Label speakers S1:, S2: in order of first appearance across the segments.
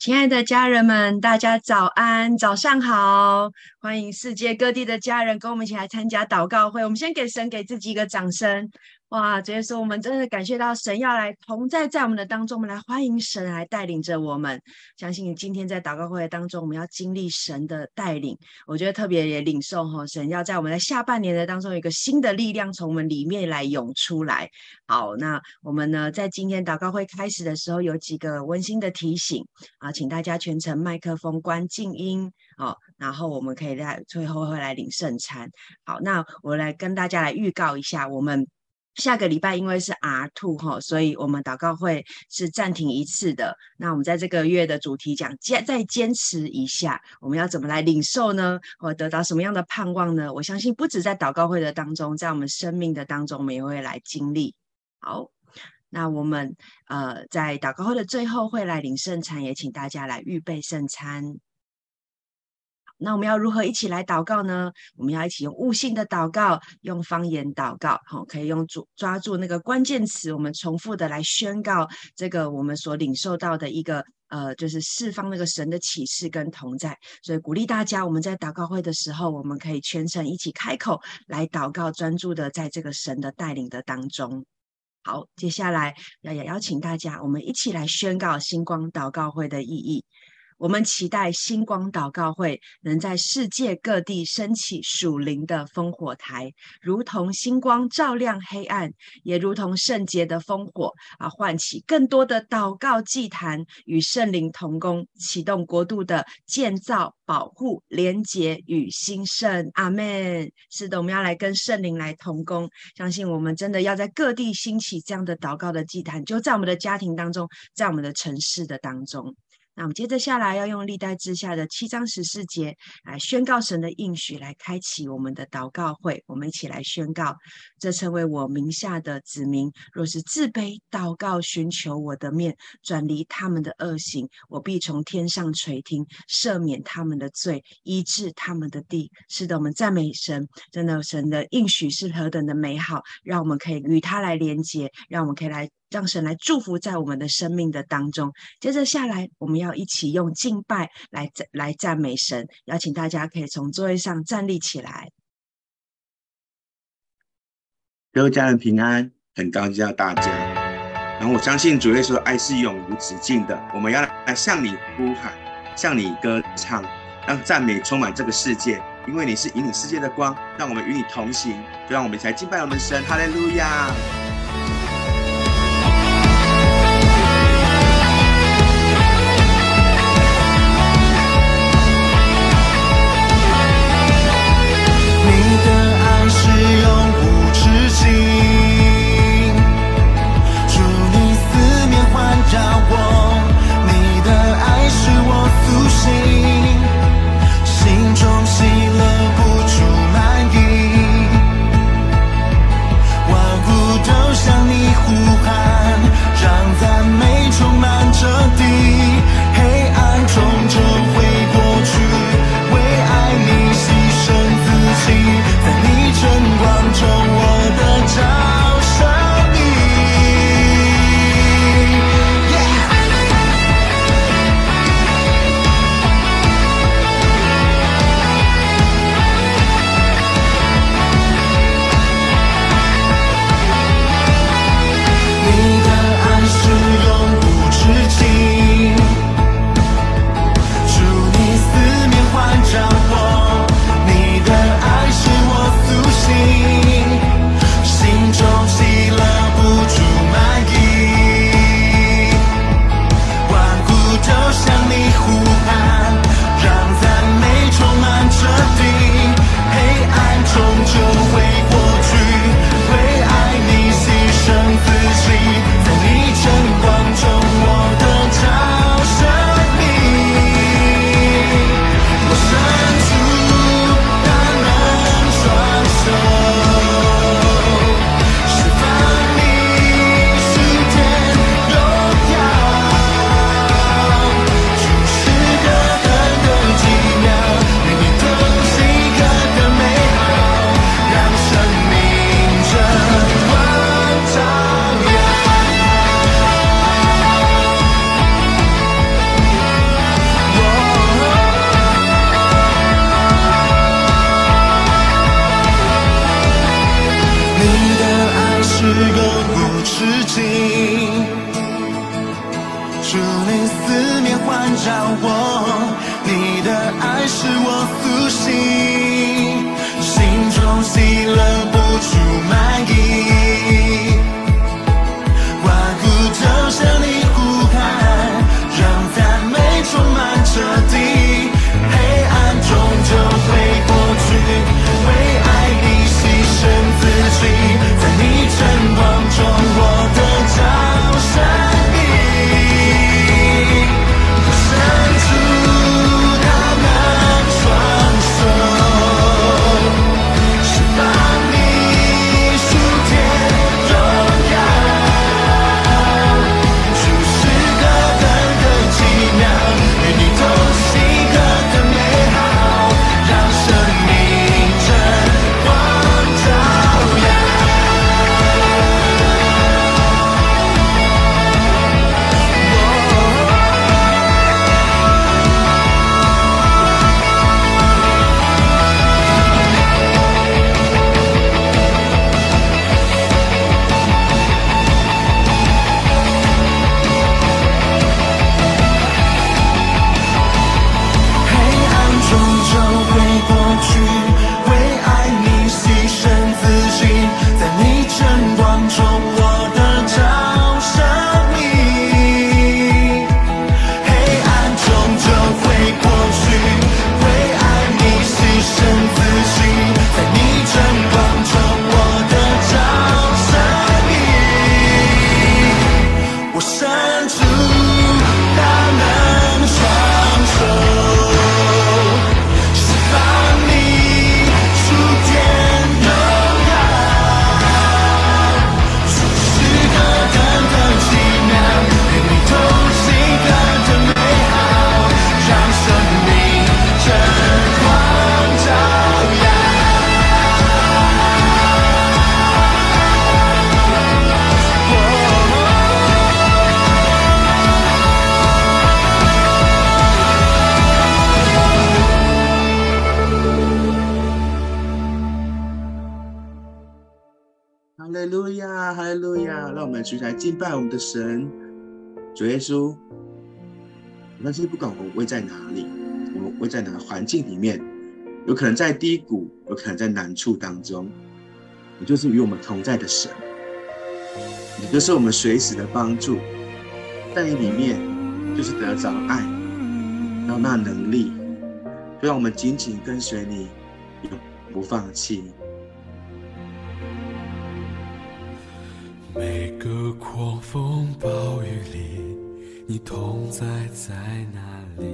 S1: 親愛的家人們，大家早安，早上好！歡迎世界各地的家人跟我們一起來參加禱告會。我們先給神、給自己一個掌聲。哇！直接說，我們真的感謝到神要來同在在我們的當中，我們來歡迎神來帶領着我們。相信你今天在禱告會當中，我們要經歷神的帶領。我覺得特別也領受哈，神要在我們的下半年的當中，有一個新的力量從我們裡面來湧出來。好，那我們呢，在今天禱告會開始的時候，有幾個溫馨的提醒啊，請大家全程麥克風關靜音哦。然後我們可以在最後會來領聖餐。好，那我來跟大家來預告一下我們。下個禮拜因為是 R two 哈，所以我們禱告會是暫停一次的。那我們在這個月的主題講，堅，再堅持一下，我們要怎麼來領受呢？我得到什麼樣的盼望呢？我相信不止在禱告會的當中，在我們生命的當中，我們也會來經歷。好，那我們呃在禱告會的最後會來領聖餐，也請大家來預備聖餐。那我們要如何一起來禱告呢？我們要一起用悟性的禱告，用方言禱告，好、哦，可以用主抓住那個關鍵詞，我們重複的來宣告這個我們所領受到的一個呃，就是釋放那個神的啟示跟同在。所以鼓勵大家，我們在禱告會的時候，我們可以全程一起開口來禱告，專注的在這個神的帶領的當中。好，接下來那也邀請大家，我們一起來宣告星光禱告會的意義。我們期待星光禱告會能在世界各地升起屬靈的烽火台，如同星光照亮黑暗，也如同聖潔的烽火啊，喚起更多的禱告祭壇，與聖靈同工，啟動國度的建造、保護、連結與興盛。阿們，是的，我們要來跟聖靈來同工，相信我們真的要在各地興起這樣的禱告的祭壇，就在我們的家庭當中，在我們的城市的當中。那我們接着下來要用歷代志下的七章十四節來宣告神的應許，來開啟我們的禱告會。我們一起來宣告：這成為我名下的子民，若是自卑禱告，尋求我的面，轉離他們的惡行，我必從天上垂聽，赦免他們的罪，醫治他們的地。是的，我們讚美神，真的，神的應許是何等的美好，讓我們可以與他來連結，讓我們可以來。讓神來祝福在我們的生命的當中。接着下來，我們要一起用敬拜來來讚美神。邀請大家可以從座位上站立起來。
S2: 各位家人平安，很高興大家。然後我相信主耶穌的愛是永無止境的。我們要來向你呼喊，向你歌唱，讓讚美充滿這個世界。因為你是引領世界的光，讓我們與你同行。就讓我們來敬拜我們神，哈利路亞。
S3: 心，主你四面環繞我，你的愛使我甦醒，心中喜樂不住滿溢，萬物都向你呼喊。哈利路亞，哈利路亞！讓
S2: 我們一起來敬拜我們的神，主耶穌。但是不管我們位在哪裡，我們位在哪環境裡面，有可能在低谷，有可能在難處當中，你就是與我們同在的神，你就是我們隨時的幫助。在你裡面，就是得着愛，有那能力，就讓我們緊緊跟隨你，永不放棄。
S3: 每個狂風暴雨裡，你同在在哪裡？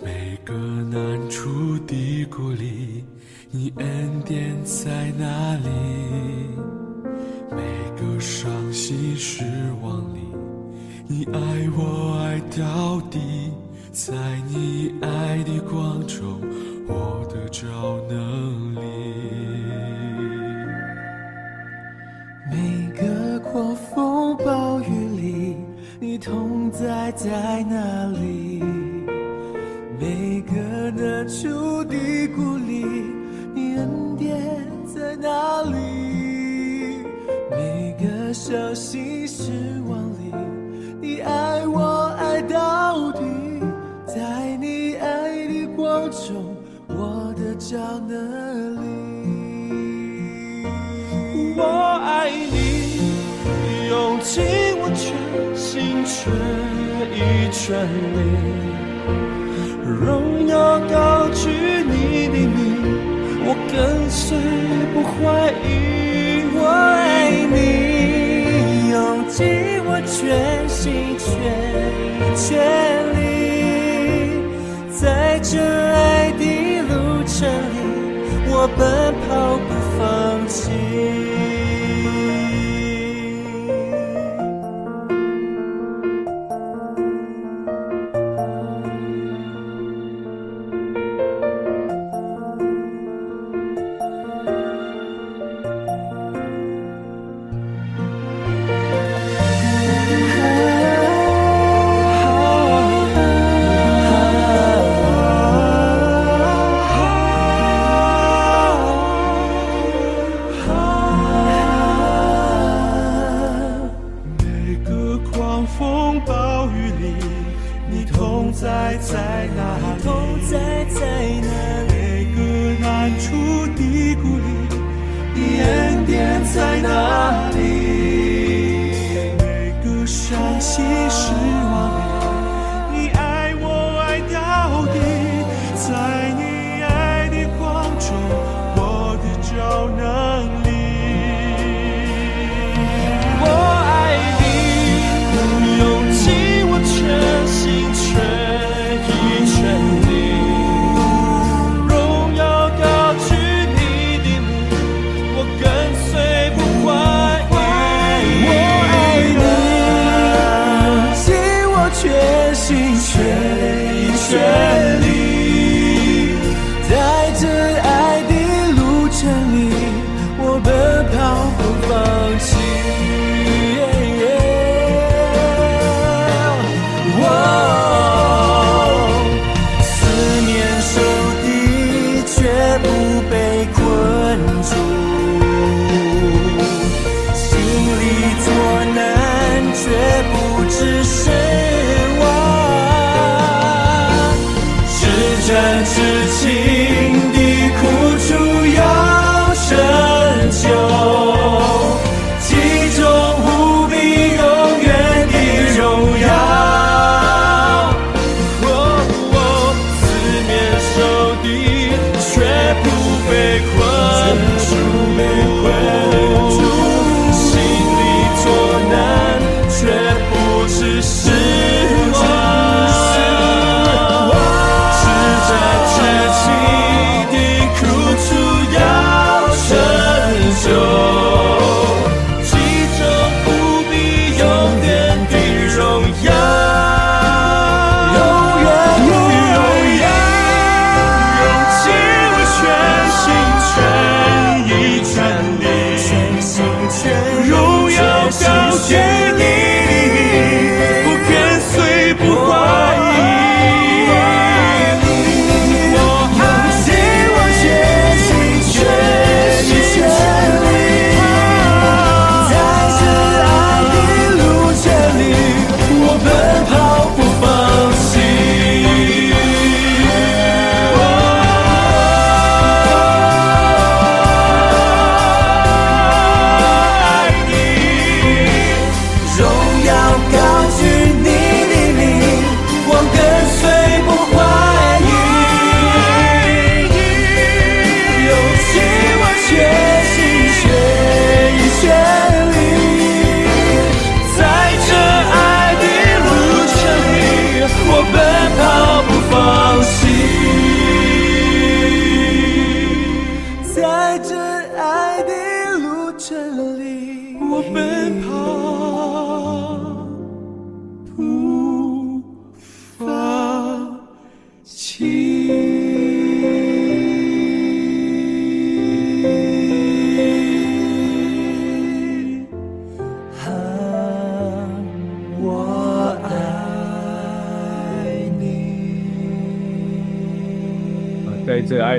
S3: 每個難處低谷裡，你恩典在哪裡？每個傷心失望裡，你愛我愛到底。在你愛的光中，我的照能。我風暴雨裡，你同在在哪裡？每個難處的鼓勵，你恩典在哪裡？每個傷心失望裡，你愛我愛到底。在你愛的光中，我的腳哪裡？我愛你。盡我全心全意全力，榮耀高舉你的名，我更是不懷疑我愛你。用盡我全心全意全力，在這愛的路程裡，我奔跑。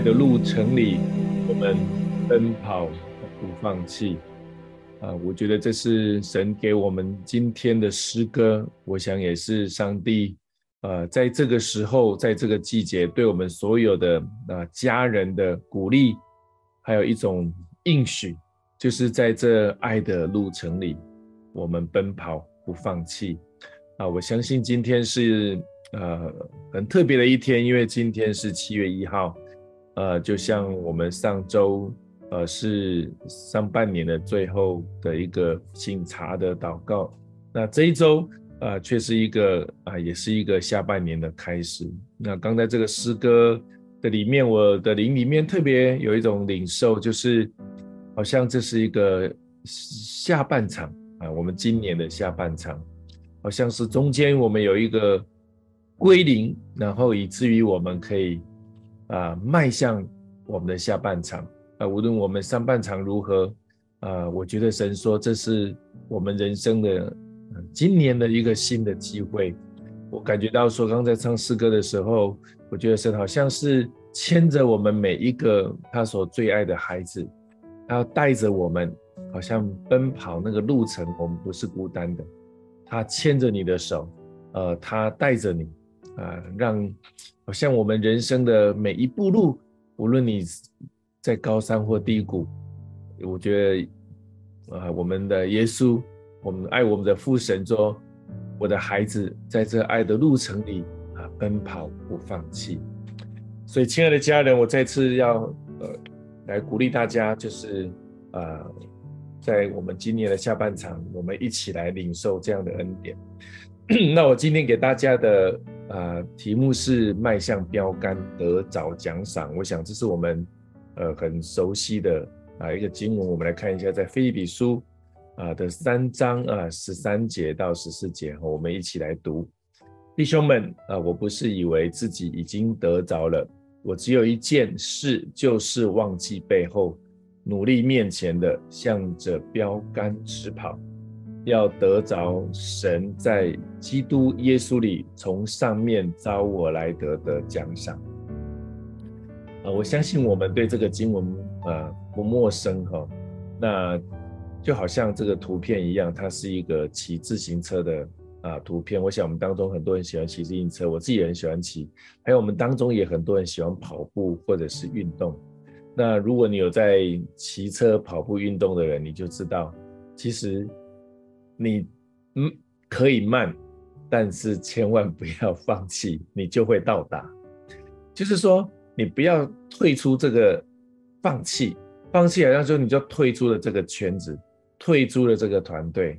S4: 的路程裡，我們奔跑不放棄啊！Uh, 我覺得這是神給我們今天的詩歌，我想也是上帝呃，uh, 在這個時候，在這個季節，對我們所有的啊、uh, 家人的鼓勵，還有一種應許，就是在這愛的路程裡，我們奔跑不放棄啊！Uh, 我相信今天是呃、uh, 很特別的一天，因為今天是七月一號。呃，就像我們上周，呃，是上半年的最後的一個省察的禱告，那這一周，呃，卻是一個啊、呃，也是一個下半年的開始。那剛才這個詩歌的裡面，我的靈裡面特別有一種領受，就是好像這是一個下半場啊、呃，我們今年的下半場，好像是中間我們有一個歸零，然後以至於我們可以。啊、呃，邁向我們的下半場啊、呃！無論我們上半場如何啊、呃，我覺得神說這是我們人生的、呃、今年的一個新的機會。我感覺到說，剛才唱詩歌的時候，我覺得神好像是牽着我們每一個他所最愛的孩子，他要帶着我們，好像奔跑那個路程，我們不是孤單的。他牽着你的手，呃，他帶着你。啊，讓，好像我們人生的每一步路，無論你在高山或低谷，我覺得啊，我們的耶穌，我們愛我們的父神說，我的孩子在這愛的路程裡啊，奔跑不放棄。所以，親愛的家人，我再次要呃，來鼓勵大家，就是啊、呃，在我們今年的下半場，我們一起來領受這樣的恩典。 那我今天給大家的。啊，題目是邁向標杆，得着獎賞。我想這是我們呃很熟悉的啊一個經文。我們來看一下，在腓立比書啊的三章啊十三節到十四節，哦，我們一起來讀。弟兄們啊，我不是以為自己已經得着了，我只有一件事，就是忘記背後，努力面前的，向着標杆直跑。要得着神在基督耶穌裡從上面召我來得的獎賞啊、呃！我相信我們對這個經文啊、呃、不陌生哈、哦。那就好像這個圖片一樣，它是一個騎自行車的啊、呃、圖片。我想我們當中很多人喜歡騎自行車，我自己也很喜歡騎。還有我們當中也很多人喜歡跑步或者是運動。那如果你有在騎車、跑步、運動的人，你就知道其實。你嗯可以慢，但是千萬不要放棄，你就會到達。就是說，你不要退出這個放，放棄，放棄好像就你就退出了這個圈子，退出了這個團隊，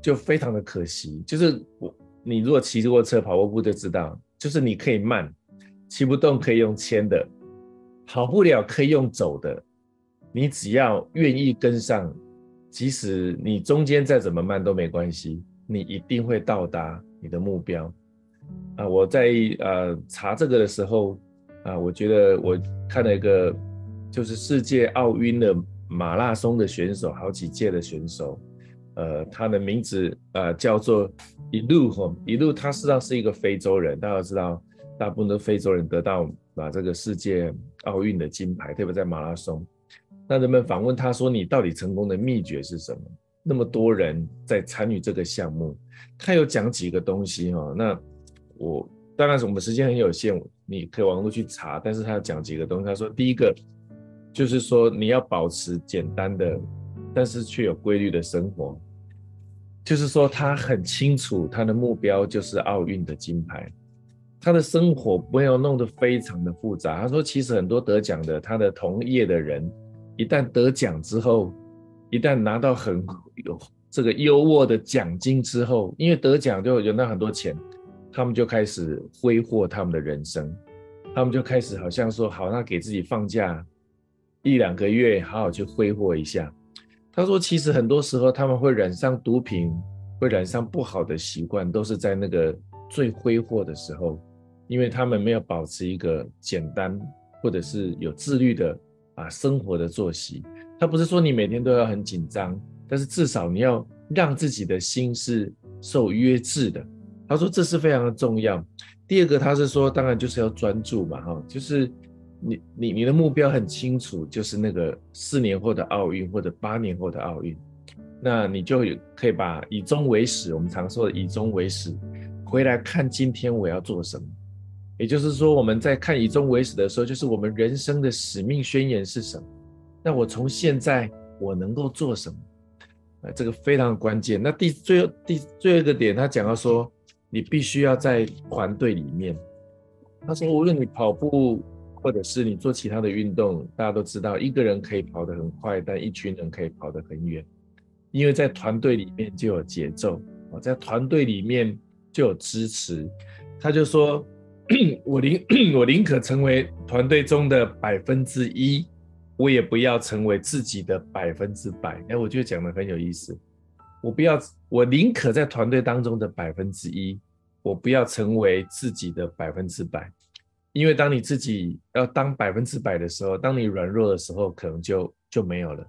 S4: 就非常的可惜。就是我，你如果騎着過車、跑過步，步就知道，就是你可以慢，騎不動可以用牽的，跑不了可以用走的，你只要願意跟上。即使你中間再怎麼慢都沒關係，你一定會到達你的目標。啊、呃，我在呃查這個的時候，啊、呃，我覺得我看了一個，就是世界奧運的馬拉松的選手，好幾屆的選手，呃，他的名字呃叫做伊路哈。伊路他實際上是一個非洲人，大家知道，大部分的非洲人得到拿這個世界奧運的金牌，特別在馬拉松。那人們訪問他說：“你到底成功的秘訣是什麼？那麼多人在參與這個項目，他有講幾個東西哈、哦。那我當然是我們時間很有限，你可以網絡去查。但是他講幾個東西，他說第一個就是說你要保持簡單的，但是卻有規律的生活。就是說他很清楚他的目標就是奧運的金牌，他的生活不要弄得非常的複雜。他說其實很多得獎的他的同業的人。一旦得獎之後，一旦拿到很有這個優渥的獎金之後，因為得獎就有那很多錢，他們就開始揮霍他們的人生，他們就開始好像說好，那給自己放假一兩個月，好好去揮霍一下。他說，其實很多時候他們會染上毒品，會染上不好的習慣，都是在那個最揮霍的時候，因為他們沒有保持一個簡單或者是有自律的。啊，生活的作息，他不是說你每天都要很緊張，但是至少你要讓自己的心是受約制的。他說，這是非常的重要。第二個，他是說，當然就是要專注嘛，哈，就是你你你的目標很清楚，就是那個四年後的奧運或者八年後的奧運，那你就有可以把以終為始，我們常說的以終為始，回來看今天我要做什麼。也就是說，我們在看以終為始的時候，就是我們人生的使命宣言是什麼？那我從現在我能夠做什麼？呃、啊，這個非常關鍵。那第最後、第最後一個點，他講到說，你必須要在團隊裡面。他說，無論你跑步或者是你做其他的運動，大家都知道，一個人可以跑得很快，但一群人可以跑得很遠，因為在團隊裡面就有節奏啊，在團隊裡面就有支持。他就說。 我寧 我寧可成為團隊中的百分之一，我也不要成為自己的百分之百。哎，我覺得講的很有意思。我不要，我寧可在團隊當中的百分之一，我不要成為自己的百分之百。因為當你自己要當百分之百的時候，當你軟弱的時候，可能就就沒有了。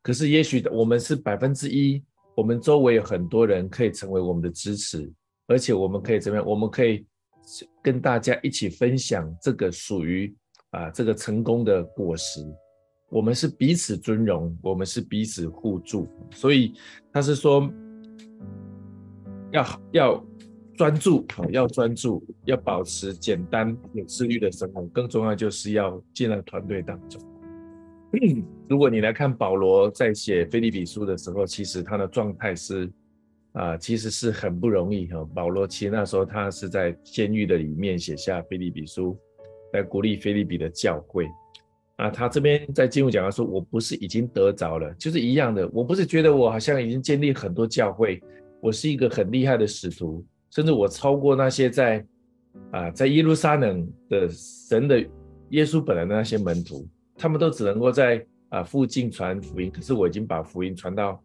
S4: 可是也許我們是百分之一，我們周圍有很多人可以成為我們的支持，而且我們可以怎麼樣？我們可以。跟大家一起分享這個屬於啊這個成功的果實，我們是彼此尊榮，我們是彼此互助，所以他是說要要專注、啊，要專注，要保持簡單有自律的生活，更重要就是要進了團隊當中、嗯。如果你來看保羅在寫《腓立比書》的時候，其實他的狀態是。啊，其實是很不容易哈。保羅其實那時候他是在監獄的裡面寫下《腓立比書》，在鼓勵腓立比的教會。啊，他這邊在進入講他說：“我不是已經得着了，就是一樣的。我不是覺得我好像已經建立很多教會，我是一個很厲害的使徒，甚至我超過那些在啊在耶路撒冷的神的耶穌本來的那些門徒，他們都只能夠在啊附近傳福音，可是我已經把福音傳到。”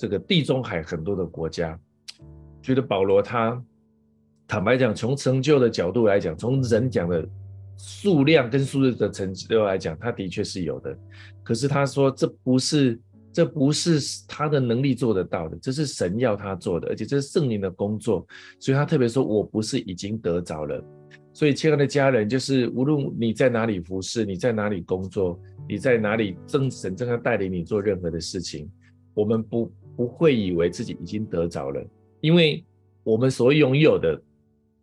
S4: 這個地中海很多的國家，覺得保羅他坦白講，從成就的角度來講，從人講的數量跟數字的成就來講，他的確是有的。可是他說這不是這不是他的能力做得到的，這是神要他做的，而且這是聖靈的工作。所以他特別說：“我不是已經得着了。”所以親愛的家人，就是無論你在哪裡服侍，你在哪裡工作，你在哪裡正神正在帶領你做任何的事情，我們不。不會以為自己已經得着了，因為我們所擁有的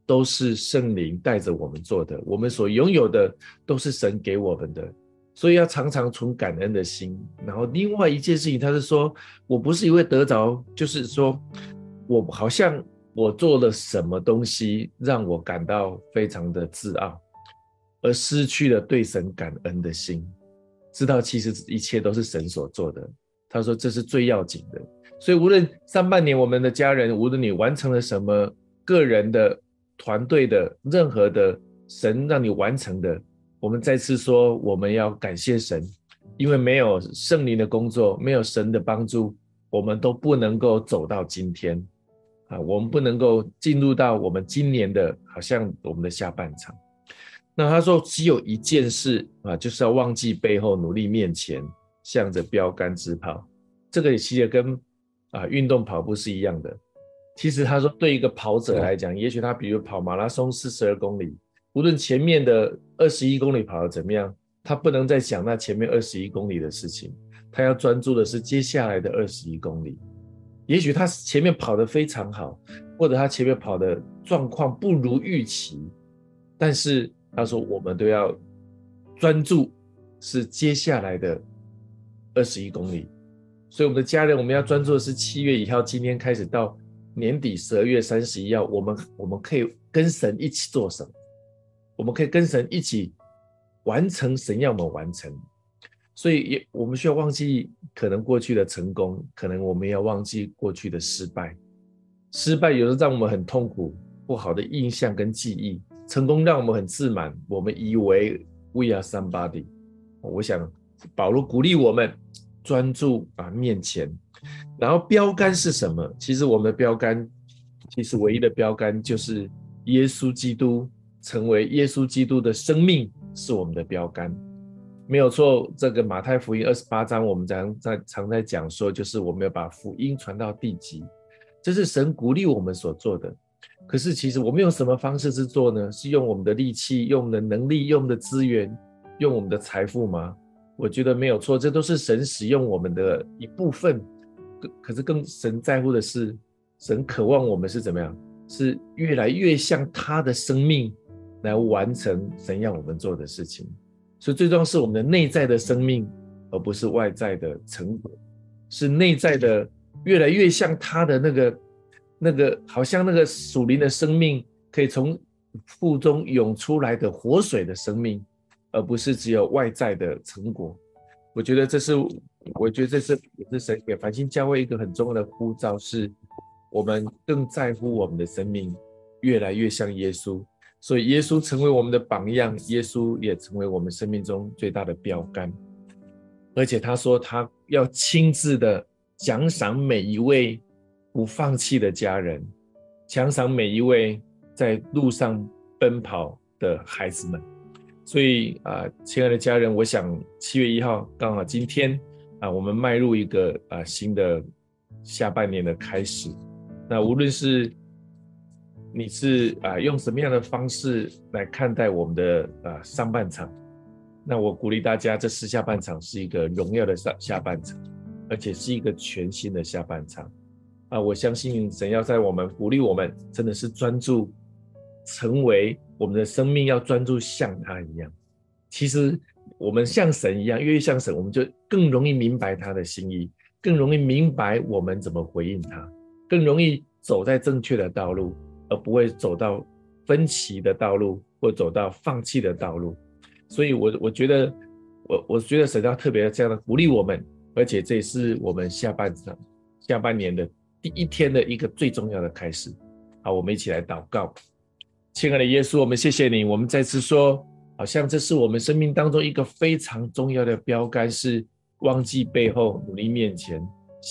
S4: 都是聖靈帶着我們做的，我們所擁有的都是神給我們的，所以要常常存感恩的心。然後另外一件事情，他是說我不是因為得着，就是說我好像我做了什麼東西讓我感到非常的自傲，而失去了對神感恩的心，知道其實一切都是神所做的。他說這是最要緊的。所以，無論上半年我們的家人，無論你完成了什麼個人的、團隊的、任何的神讓你完成的，我們再次說，我們要感謝神，因為沒有聖靈的工作，沒有神的幫助，我們都不能夠走到今天啊，我們不能夠進入到我們今年的好像我們的下半場。那他說，只有一件事啊，就是要忘記背後，努力面前，向着標杆直跑。這個也其實跟。啊，運動跑步是一樣的。其實他說，對一個跑者來講，嗯，也許他比如跑馬拉松四十二公里，無論前面的二十一公里跑得怎麼樣，他不能再想那前面二十一公里的事情，他要專注的是接下來的二十一公里。也許他前面跑得非常好，或者他前面跑的狀況不如預期，但是他說我們都要專注是接下來的二十一公里。所以，我們的家人，我們要專注的是七月一號，今天開始到年底十二月三十一號，我們我們可以跟神一起做什麼？我們可以跟神一起完成神，神要我們完成。所以，也我們需要忘記可能過去的成功，可能我們要忘記過去的失敗。失敗有時候讓我們很痛苦，不好的印象跟記憶；成功讓我們很自滿，我們以為 we are somebody。我想，保羅鼓勵我們。專注啊，面前，然後標杆是什麼？其實我們的標杆，其實唯一的標杆就是耶穌基督，成為耶穌基督的生命是我們的標杆，沒有錯。這個馬太福音二十八章，我們常在，在常在講說，就是我們要把福音傳到地極，這是神鼓勵我們所做的。可是，其實我們用什麼方式去做呢？是用我們的力氣、用我們的能力、用我們的資源、用我們的財富嗎？我覺得沒有錯，這都是神使用我們的一部分。可可是，更神在乎的是，神渴望我們是怎麼樣，是越來越像他的生命來完成神要我們做的事情。所以最終是我們的內在的生命，而不是外在的成果，是內在的越來越像他的那個那個，好像那個屬靈的生命，可以從腹中湧出來的活水的生命。而不是只有外在的成果，我覺得這是，我覺得這是也是神給繁星教會一個很重要的呼召，是我們更在乎我們的生命越來越像耶穌，所以耶穌成為我們的榜樣，耶穌也成為我們生命中最大的標杆。而且他說他要親自的獎賞每一位不放棄的家人，獎賞每一位在路上奔跑的孩子們。所以啊，親愛的家人，我想七月一號剛好今天啊，我們邁入一個啊新的下半年的開始。那無論是你是啊用什麼樣的方式來看待我們的啊上半場，那我鼓勵大家，這次下半場是一個榮耀的下下半場，而且是一個全新的下半場啊！我相信神要在我們鼓勵我們，真的是專注成為。我們的生命要專注像他一樣。其實我們像神一樣，越像神，我們就更容易明白他的心意，更容易明白我們怎麼回應他，更容易走在正確的道路，而不會走到分歧的道路，或走到放棄的道路。所以我，我我覺得，我我覺得神要特別要這樣的鼓勵我們，而且這也是我們下半場、下半年的第一天的一個最重要的開始。好，我們一起來禱告。親愛的耶穌，我們謝謝你。我們再次說，好像這是我們生命當中一個非常重要的標竿，是忘記背後，努力面前，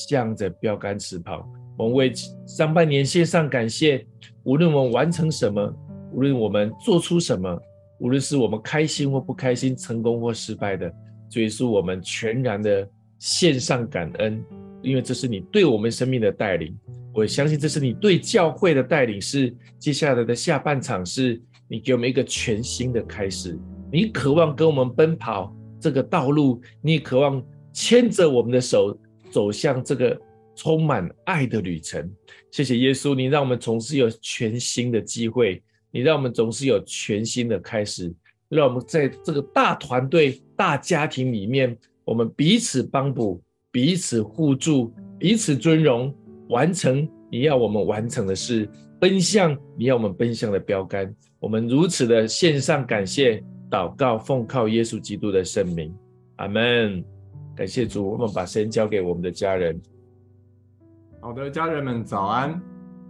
S4: 向着標竿直跑。我們為上半年獻上感謝，無論我們完成什麼，無論我們做出什麼，無論是我們開心或不開心，成功或失敗的，這也是我們全然的獻上感恩，因為這是你對我們生命的帶領。我相信這是你對教會的帶領，是接下來的下半場，是你給我們一個全新的開始。你渴望跟我們奔跑這個道路，你也渴望牽着我們的手走向這個充滿愛的旅程。謝謝耶穌，你讓我們總是有全新的機會，你讓我們總是有全新的開始，讓我們在這個大團隊、大家庭裡面，我們彼此幫補，彼此互助，彼此尊榮。完成你要我們完成的事，奔向你要我們奔向的標杆。我們如此的獻上感謝，禱告，奉靠耶穌基督的聖名，阿門。感謝主，我們把時間交給我們的家人。
S5: 好的，家人們早安。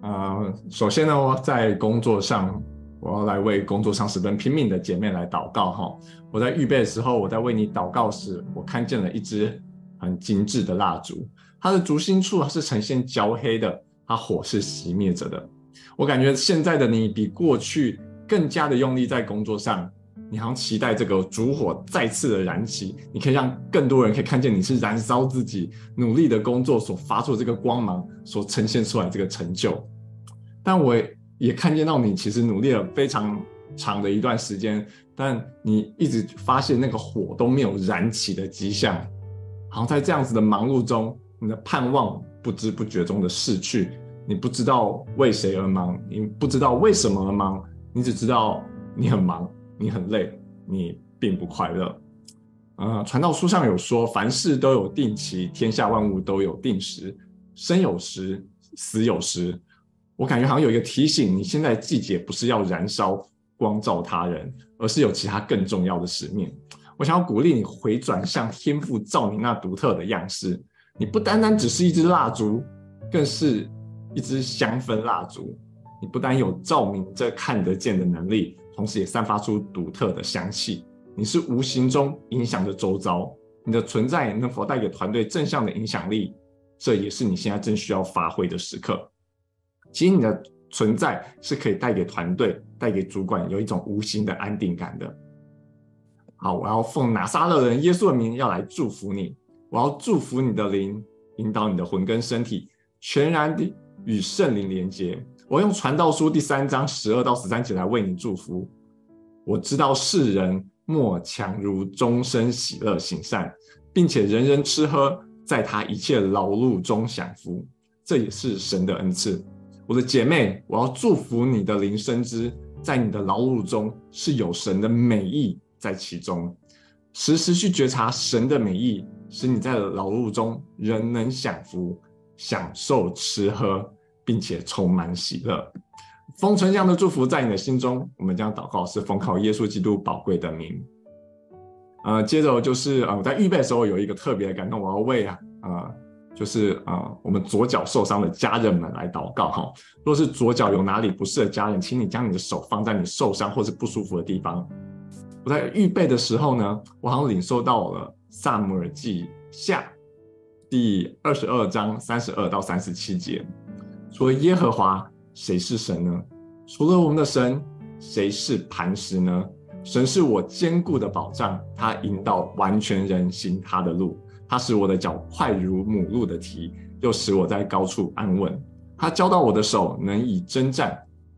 S5: 啊、呃，首先呢，我在工作上，我要來為工作上十分拼命的姐妹來禱告哈。我在預備的時候，我在為你禱告時，我看見了一支很精致的蠟燭。它的燭心處是呈現焦黑的，它火是熄滅着的。我感覺現在的你比過去更加的用力在工作上，你好像期待這個燭火再次的燃起，你可以讓更多人可以看見你是燃燒自己，努力的工作所發出這個光芒，所呈現出來這個成就。但我也看見到你其實努力了非常長的一段時間，但你一直發現那個火都沒有燃起的跡象，好像在這樣子的忙碌中。你的盼望不知不覺中的逝去，你不知道為誰而忙，你不知道為什麼而忙，你只知道你很忙，你很累，你並不快樂。呃，傳道書上有說，凡事都有定期，天下萬物都有定時，生有時，死有時。我感覺好像有一個提醒，你現在季節不是要燃燒光照他人，而是有其他更重要的使命。我想要鼓勵你回轉向天父照你那獨特的樣式。你不單單只是一支蠟燭，更是一支香氛蠟燭。你不單有照明這看得見的能力，同時也散發出獨特的香氣。你是無形中影響着周遭，你的存在能否帶給團隊正向的影響力？這也是你現在正需要發揮的時刻。其實你的存在是可以帶給團隊、帶給主管有一種無形的安定感的。好，我要奉拿撒勒人耶穌的名要來祝福你。我要祝福你的靈，引導你的魂跟身體，全然地與聖靈連接。我用傳道書第三章十二到十三節來為你祝福。我知道世人莫強如終身喜樂行善，並且人人吃喝，在他一切勞碌中享福，這也是神的恩賜。我的姐妹，我要祝福你的靈深知，在你的勞碌中是有神的美意在其中，時時去覺察神的美意。使你在勞碌中仍能享福，享受吃喝，並且充滿喜樂。封存這樣的祝福在你的心中，我們將禱告，是奉靠耶穌基督寶貴的名。呃，接着就是呃，我在預備的時候有一個特別的感動，我要為呃，就是呃，我們左腳受傷的家人們來禱告哈、哦。若是左腳有哪裡不適的家人，請你將你的手放在你受傷或是不舒服的地方。我在預備的時候呢，我好像領受到了。撒母耳記下第二十二章三十二到三十七節：除了耶和華誰是神呢？除了我們的神，誰是磐石呢？神是我堅固的保障，他引導完全人行他的路，他使我的腳快如母鹿的蹄，又使我在高處安穩。他教導我的手能以征戰，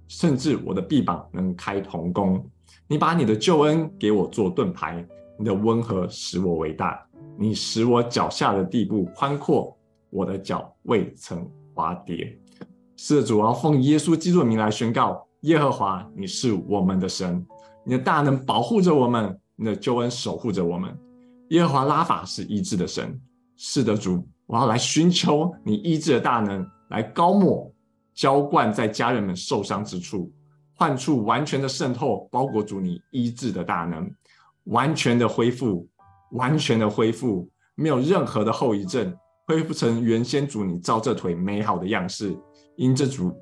S5: 甚至我的臂膀能開銅弓。你把你的救恩給我做盾牌。”你的溫和使我為大，你使我腳下的地步寬闊，我的腳未曾滑跌。是的，主，我要奉耶穌基督的名來宣告：耶和華，你是我們的神，你的大能保護着我們，你的救恩守護着我們。耶和華拉法是醫治的神。是的，主，我要來尋求你醫治的大能，來膏抹、澆灌在家人們受傷之處、患處，完全的滲透，包裹住你醫治的大能。完全的恢復，完全的恢復，沒有任何的後遺症，恢復成原先主你照這腿美好的樣式。因著主，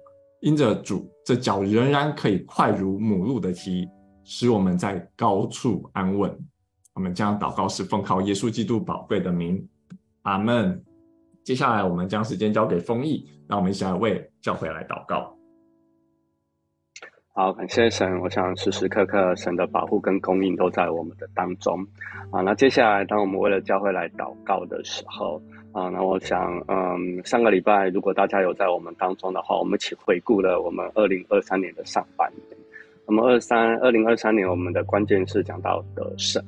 S5: 因著主，這腳仍然可以快如母鹿的蹄，使我們在高處安穩。我們將禱告是奉靠耶穌基督寶貴的名，阿門。接下來，我們將時間交給豐義，讓我們一起來為教會來禱告。
S2: 好，感謝神。我想時時刻刻神的保護跟供應都在我們的當中。啊，那接下來當我們為了教會來禱告的時候，啊，那我想，嗯，上個禮拜如果大家有在我們當中的話，我們一起回顧了我們二零二三年的上半年。那麼二三二零二三年我們的關鍵是講到得勝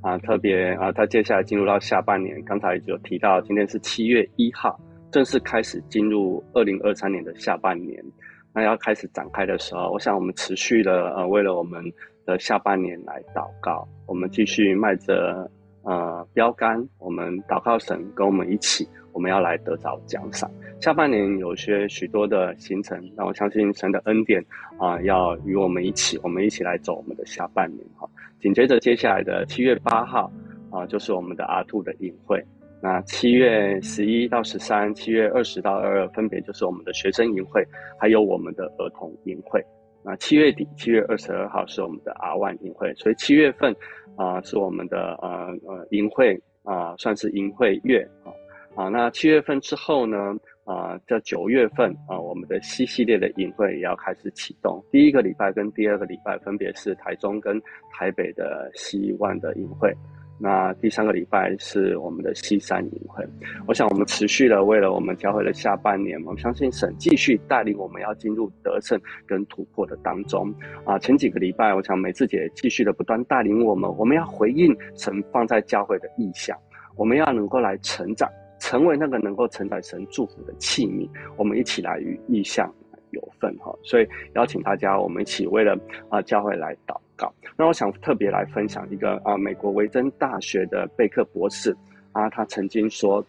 S2: 啊，特別啊，它接下來進入到下半年。剛才有提到，今天是七月一號，正式開始進入二零二三年的下半年。那要開始展開的時候，我想我們持續的呃，為了我們的下半年來禱告，我們繼續邁着呃標杆，我們禱告神跟我們一起，我們要來得着獎賞。下半年有些許多的行程，那我相信神的恩典啊、呃，要與我們一起，我們一起來走我們的下半年哈、哦。緊接着接下來的七月八號啊、呃，就是我們的阿兔的隱會。那七月十一到十三，七月二十到二二，分別就是我們的學生營會，還有我們的兒童營會。那七月底，七月二十二號是我們的阿萬營會，所以七月份啊、呃、是我們的呃呃營會啊、呃，算是營會月啊啊。那七月份之後呢啊，這、呃、九月份啊、呃，我們的 C 系列的營會也要開始啟動，第一個禮拜跟第二個禮拜分別是台中跟台北的 C1 的營會。那第三個禮拜是我們的西山隱魂，我想我們持續的為了我們教會的下半年，我相信神繼續帶領我們要進入得勝跟突破的當中啊。前幾個禮拜，我想梅子姐繼續的不斷帶領我們，我們要回應神放在教會的異象，我們要能夠來成長，成為那個能夠承載神祝福的器皿。我們一起來與異象有份哈、哦，所以邀請大家，我們一起為了啊教會來禱告。好，那我想特別來分享一個啊，美國維珍大學的貝克博士啊，他曾經說，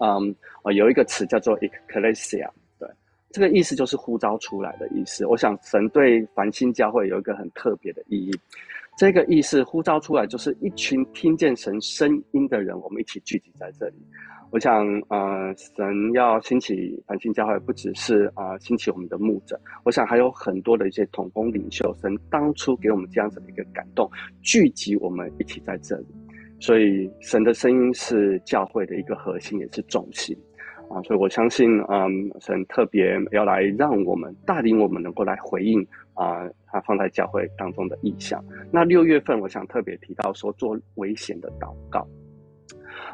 S2: 嗯，有一個詞叫做 Ecclesia。對，這個意思就是呼召出來的意思。我想神對繁星教會有一個很特別的意義。這個意思呼召出來，就是一群聽見神聲音的人，我們一起聚集在這裡。我想，呃，神要興起反境教會，不只是啊、呃、興起我們的牧者，我想還有很多的一些統工領袖。神當初給我們這樣子的一個感動，聚集我們一起在這裡，所以神的聲音是教會的一個核心，也是重心啊、呃。所以我相信，嗯、呃，神特別要來讓我們帶領我們，能夠來回應。啊，他放在教會當中的異象。那六月份，我想特別提到說，做危險的禱告。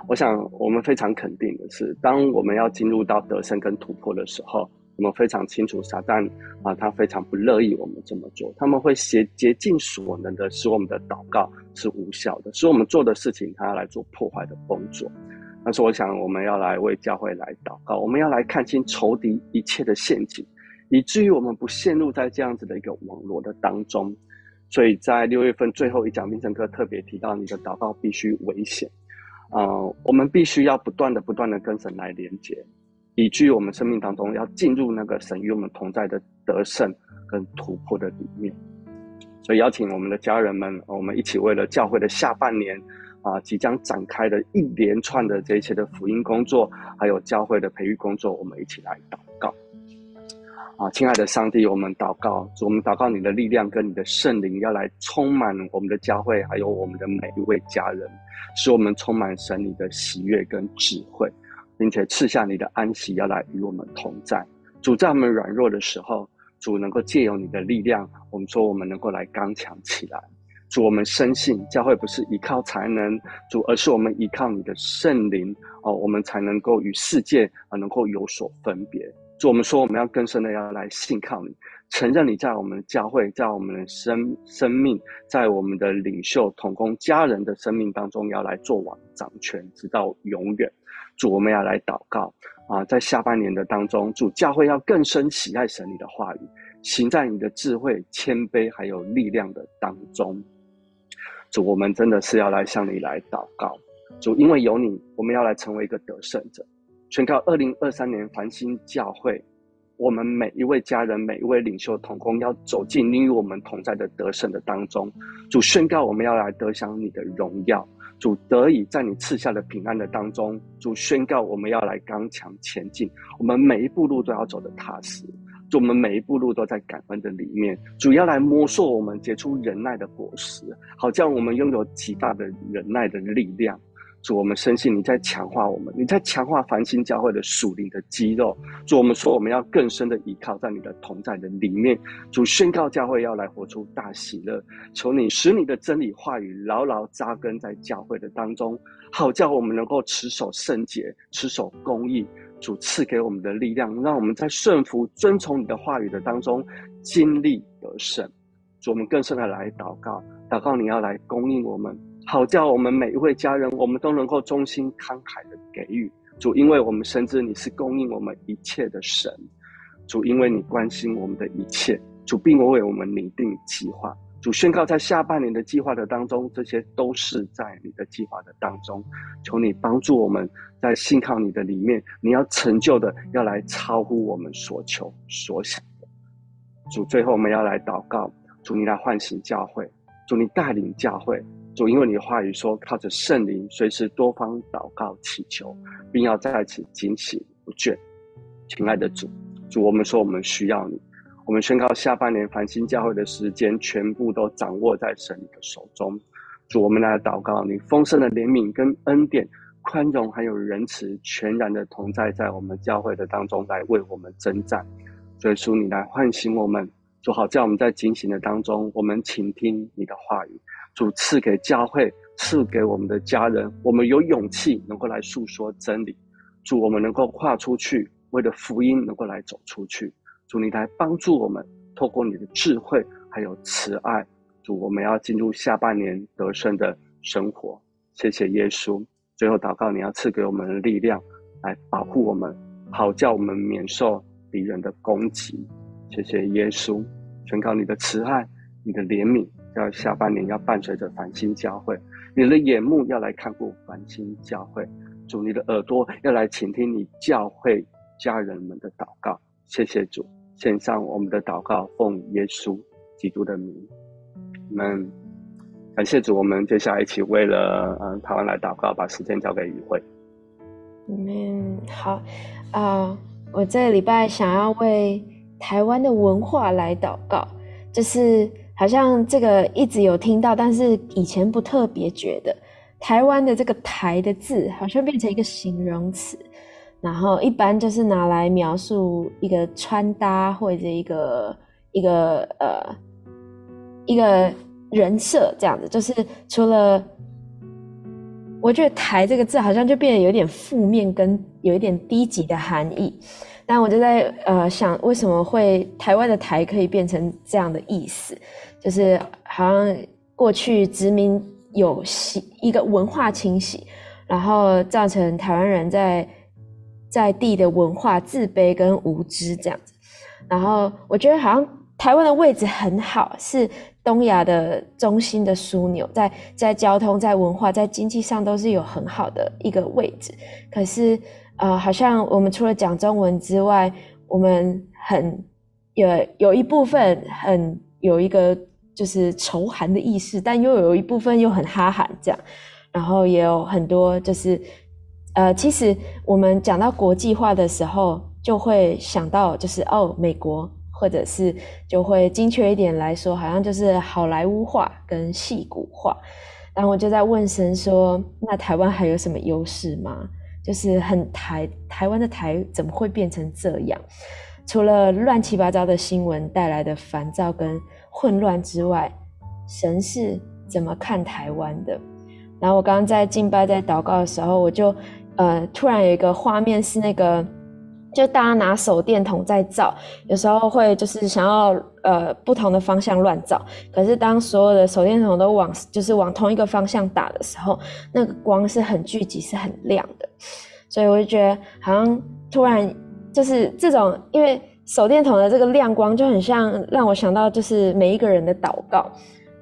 S2: 我想，我們非常肯定的是，當我們要進入到得勝跟突破的時候，我們非常清楚撒旦啊，他非常不樂意我們這麼做。他們會竭竭盡所能的使我們的禱告是無效的，使我們做的事情他要來做破壞的工作。但是，我想我們要來為教會來禱告，我們要來看清仇敵一切的陷阱。以至於我們不陷入在這樣子的一個網羅的當中，所以在六月份最後一講靈程課特別提到，你的禱告必須危險。啊，我們必須要不斷的、不斷的跟神來連接，以至於我們生命當中要進入那個神與我們同在的得勝跟突破的裡面。所以邀請我們的家人們，我們一起為了教會的下半年啊、呃、即將展開的一連串的這一切的福音工作，還有教會的培育工作，我們一起來禱告。啊，親愛的上帝，我們禱告，主，我們禱告你的力量跟你的聖靈要來充滿我們的教會，還有我們的每一位家人，使我們充滿神你的喜悅跟智慧，並且賜下你的安息要來與我們同在。主，在我們軟弱的時候，主能夠借由你的力量，我們說我們能夠來剛強起來。主，我們深信教會不是依靠才能，主，而是我們依靠你的聖靈，哦，我們才能夠與世界，啊，能夠有所分別。主，我們說我們要更深的要來信靠你，承認你在我們教會，在我們的生生命，在我們的領袖、同工、家人的生命當中要來做王、掌權，直到永遠。主，我們要來禱告啊，在下半年的當中，主教會要更深喜愛神你的話語，行在你的智慧、謙卑還有力量的當中。主，我們真的是要來向你來禱告。主，因為有你，我們要來成為一個得勝者。宣告二零二三年繁星教會，我們每一位家人、每一位領袖同工要走進你與我們同在的得勝的當中。主，宣告我們要來得享你的榮耀。主得以在你賜下的平安的當中。主，宣告我們要來剛強前進。我們每一步路都要走得踏實。就我們每一步路都在感恩的裡面。主，要來摸索我們結出忍耐的果實，好叫我們擁有極大的忍耐的力量。主，我們深信你在強化我們，你在強化繁星教會的屬靈的肌肉。主，我們說我們要更深的依靠在你的同在的裡面。主宣告教會要來活出大喜樂，求你使你的真理話語牢牢扎根在教會的當中，好叫我們能夠持守聖潔，持守公義。主賜給我們的力量，讓我們在順服、遵從你的話語的當中，經歷得勝。主，我們更深的來禱告，禱告你要來供應我們。好叫我們每一位家人，我們都能夠忠心慷慨地給予主，因為我們深知你是供應我們一切的神。主，因為你關心我們的一切，主並為我們擬定計劃。主宣告，在下半年的計劃的當中，這些都是在你的計劃的當中。求你幫助我們在信靠你的裡面，你要成就的要來超乎我們所求所想的。主，最後我們要來禱告，主你來喚醒教會，主你帶領教會。主，因為你的話語說，靠着聖靈，隨時多方禱告祈求，並要在此警醒不倦。親愛的主，主，我們說我們需要你，我們宣告下半年繁星教會的時間全部都掌握在神的手中。主，我們來禱告，你豐盛的憐憫跟恩典、寬容還有仁慈，全然的同在在我們教會的當中，來為我們征戰。所以，主你來喚醒我們，主好叫我們在警醒的當中，我們傾聽你的話語。主賜給教會，賜給我們的家人，我們有勇氣能夠來訴說真理。主，我們能夠跨出去，為了福音能夠來走出去。主，你來幫助我們，透過你的智慧還有慈愛，主，我們要進入下半年得勝的生活。謝謝耶穌。最後禱告，你要賜給我們的力量，來保護我們，好叫我們免受敵人的攻擊。謝謝耶穌，全靠你的慈愛，你的憐憫。要下半年要伴隨着繁星教會，你的眼目要來看顧繁星教會，主，你的耳朵要來傾聽你教會家人們的禱告。謝謝主，獻上我們的禱告，奉耶穌基督的名，我們感謝主。我們接下來一起為了嗯，台灣來禱告，把時間交給與會。
S6: 嗯，好啊、呃，我這個禮拜想要為台灣的文化來禱告，就是。好像這個一直有聽到，但是以前不特別覺得。台灣的這個“台”的字好像變成一個形容詞，然後一般就是拿來描述一個穿搭或者一個一個呃一個人設這樣子。就是除了我覺得“台”這個字好像就變得有點負面，跟有一點低級的含義。但我就在呃想，為什麼會台灣的“台”可以變成這樣的意思？就是好像過去殖民有一個文化清洗，然後造成台灣人在在地的文化自卑跟無知這樣子。然後我覺得好像台灣的位置很好，是東亞的中心的樞紐，在在交通、在文化、在經濟上都是有很好的一個位置。可是。啊、呃，好像我們除了講中文之外，我們很有有一部分很有一個就是仇韓的意識，但又有一部分又很哈韓這樣。然後也有很多就是，呃，其實我們講到國際化的時候，就會想到就是哦，美國或者是就會精確一點來說，好像就是好萊塢化跟戲骨化。然後我就在問神說：“那台灣還有什麼優勢嗎？”就是很台，台灣的台怎麼會變成這樣？除了亂七八糟的新聞帶來的煩躁跟混亂之外，神是怎麼看台灣的？然後我剛剛在敬拜、在禱告的時候，我就呃突然有一個畫面是那個。就大家拿手電筒在照，有時候會就是想要呃不同的方向亂照，可是當所有的手電筒都往就是往同一個方向打的時候，那個光是很聚集，是很亮的。所以我就覺得好像突然就是這種，因為手電筒的這個亮光就很像讓我想到就是每一個人的禱告。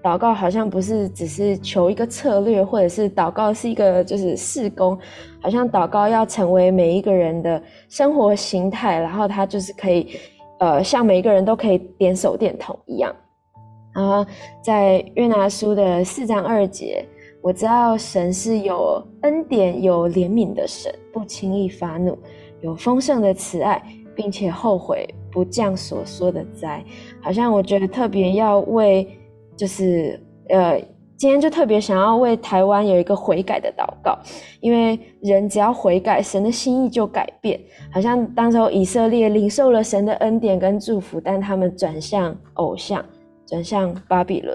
S6: 禱告好像不是只是求一個策略，或者是禱告是一個就是事工，好像禱告要成為每一個人的生活形態，然後他就是可以，呃，像每一個人都可以點手電筒一樣。然後在約拿書的四章二節，我知道神是有恩典、有憐憫的神，不輕易發怒，有豐盛的慈愛，並且後悔不降所說的災。好像我覺得特別要為。就是，呃，今天就特別想要為台灣有一個悔改的禱告，因為人只要悔改，神的心意就改變。好像當時候以色列領受了神的恩典跟祝福，但他們轉向偶像，轉向巴比倫，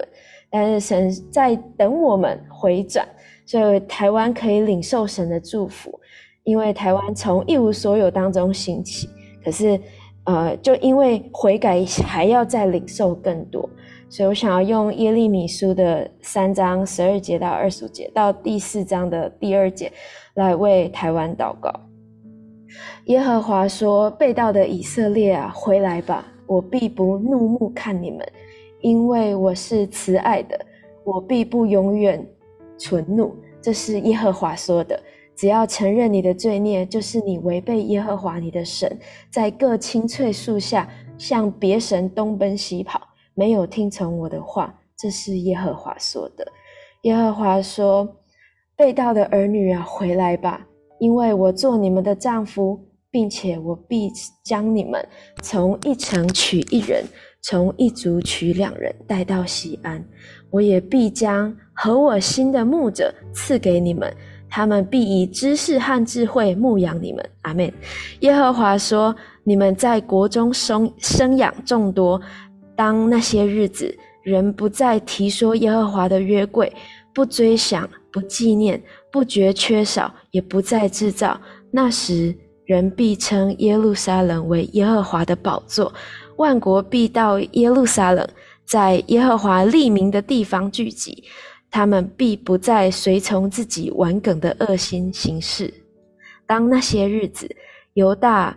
S6: 但是神在等我們回轉，所以台灣可以領受神的祝福，因為台灣從一無所有當中興起，可是，呃，就因為悔改，還要再領受更多。所以我想要用耶利米書的三章十二節到二十五節到第四章的第二節來為台灣禱告。耶和華說：“背道的以色列啊，回來吧！我必不怒目看你們，因為我是慈愛的，我必不永遠存怒。”這是耶和華說的。只要承認你的罪孽，就是你違背耶和華你的神，在各青翠樹下向別神東奔西跑。沒有聽從我的話，這是耶和華說的。耶和華說：“背道的兒女啊，回來吧，因為我做你們的丈夫，並且我必將你們從一城取一人，從一族取兩人帶到錫安。我也必將合我心的牧者賜給你們，他們必以知識和智慧牧養你們。”阿門。耶和華說：“你們在國中生生養眾多。”當那些日子，人不再提說耶和華的約櫃，不追想，不紀念，不覺缺少，也不再製造。那時，人必稱耶路撒冷為耶和華的寶座，萬國必到耶路撒冷，在耶和華立名的地方聚集。他們必不再隨從自己頑梗的惡心行事。當那些日子，猶大，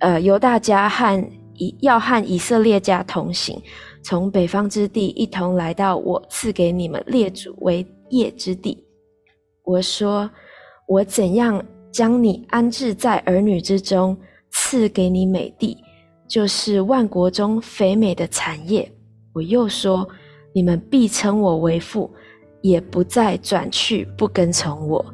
S6: 呃，猶大家和。以要和以色列家同行，從北方之地一同來到我賜給你們列祖為業之地。我說：我怎樣將你安置在兒女之中，賜給你美地，就是萬國中肥美的產業。我又說：你們必稱我為父，也不再轉去不跟從我，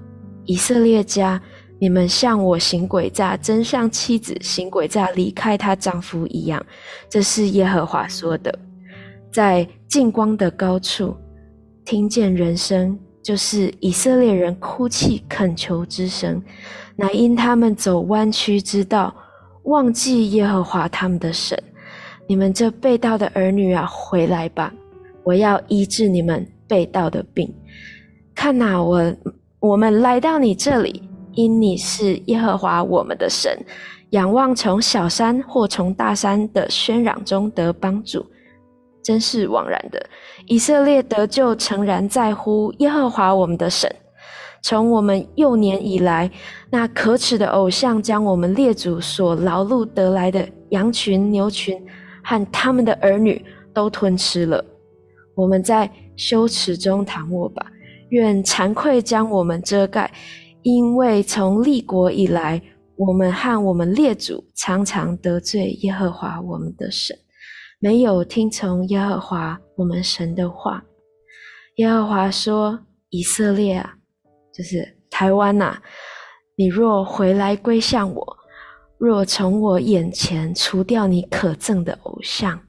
S6: 以色列家。你們向我行詭詐，真像妻子行詭詐離開她丈夫一樣。這是耶和華說的。在淨光的高處聽見人聲，就是以色列人哭泣懇求之聲，乃因他們走彎曲之道，忘記耶和華他們的神。你們這背道的兒女啊，回來吧！我要醫治你們背道的病。看哪，啊，我我們來到你這裡。因你是耶和華我們的神，仰望從小山或從大山的喧嚷中得幫助，真是枉然的。以色列得救誠然在乎耶和華我們的神。從我們幼年以來，那可恥的偶像將我們列祖所勞碌得來的羊群、牛群和他們的兒女都吞吃了。我們在羞恥中躺臥吧，願慚愧將我們遮蓋。因為從立國以來，我們和我們列祖常常得罪耶和華我們的神，沒有聽從耶和華我們神的話。耶和華說：“以色列啊，就是台灣吶、啊，你若回來歸向我，若從我眼前除掉你可憎的偶像，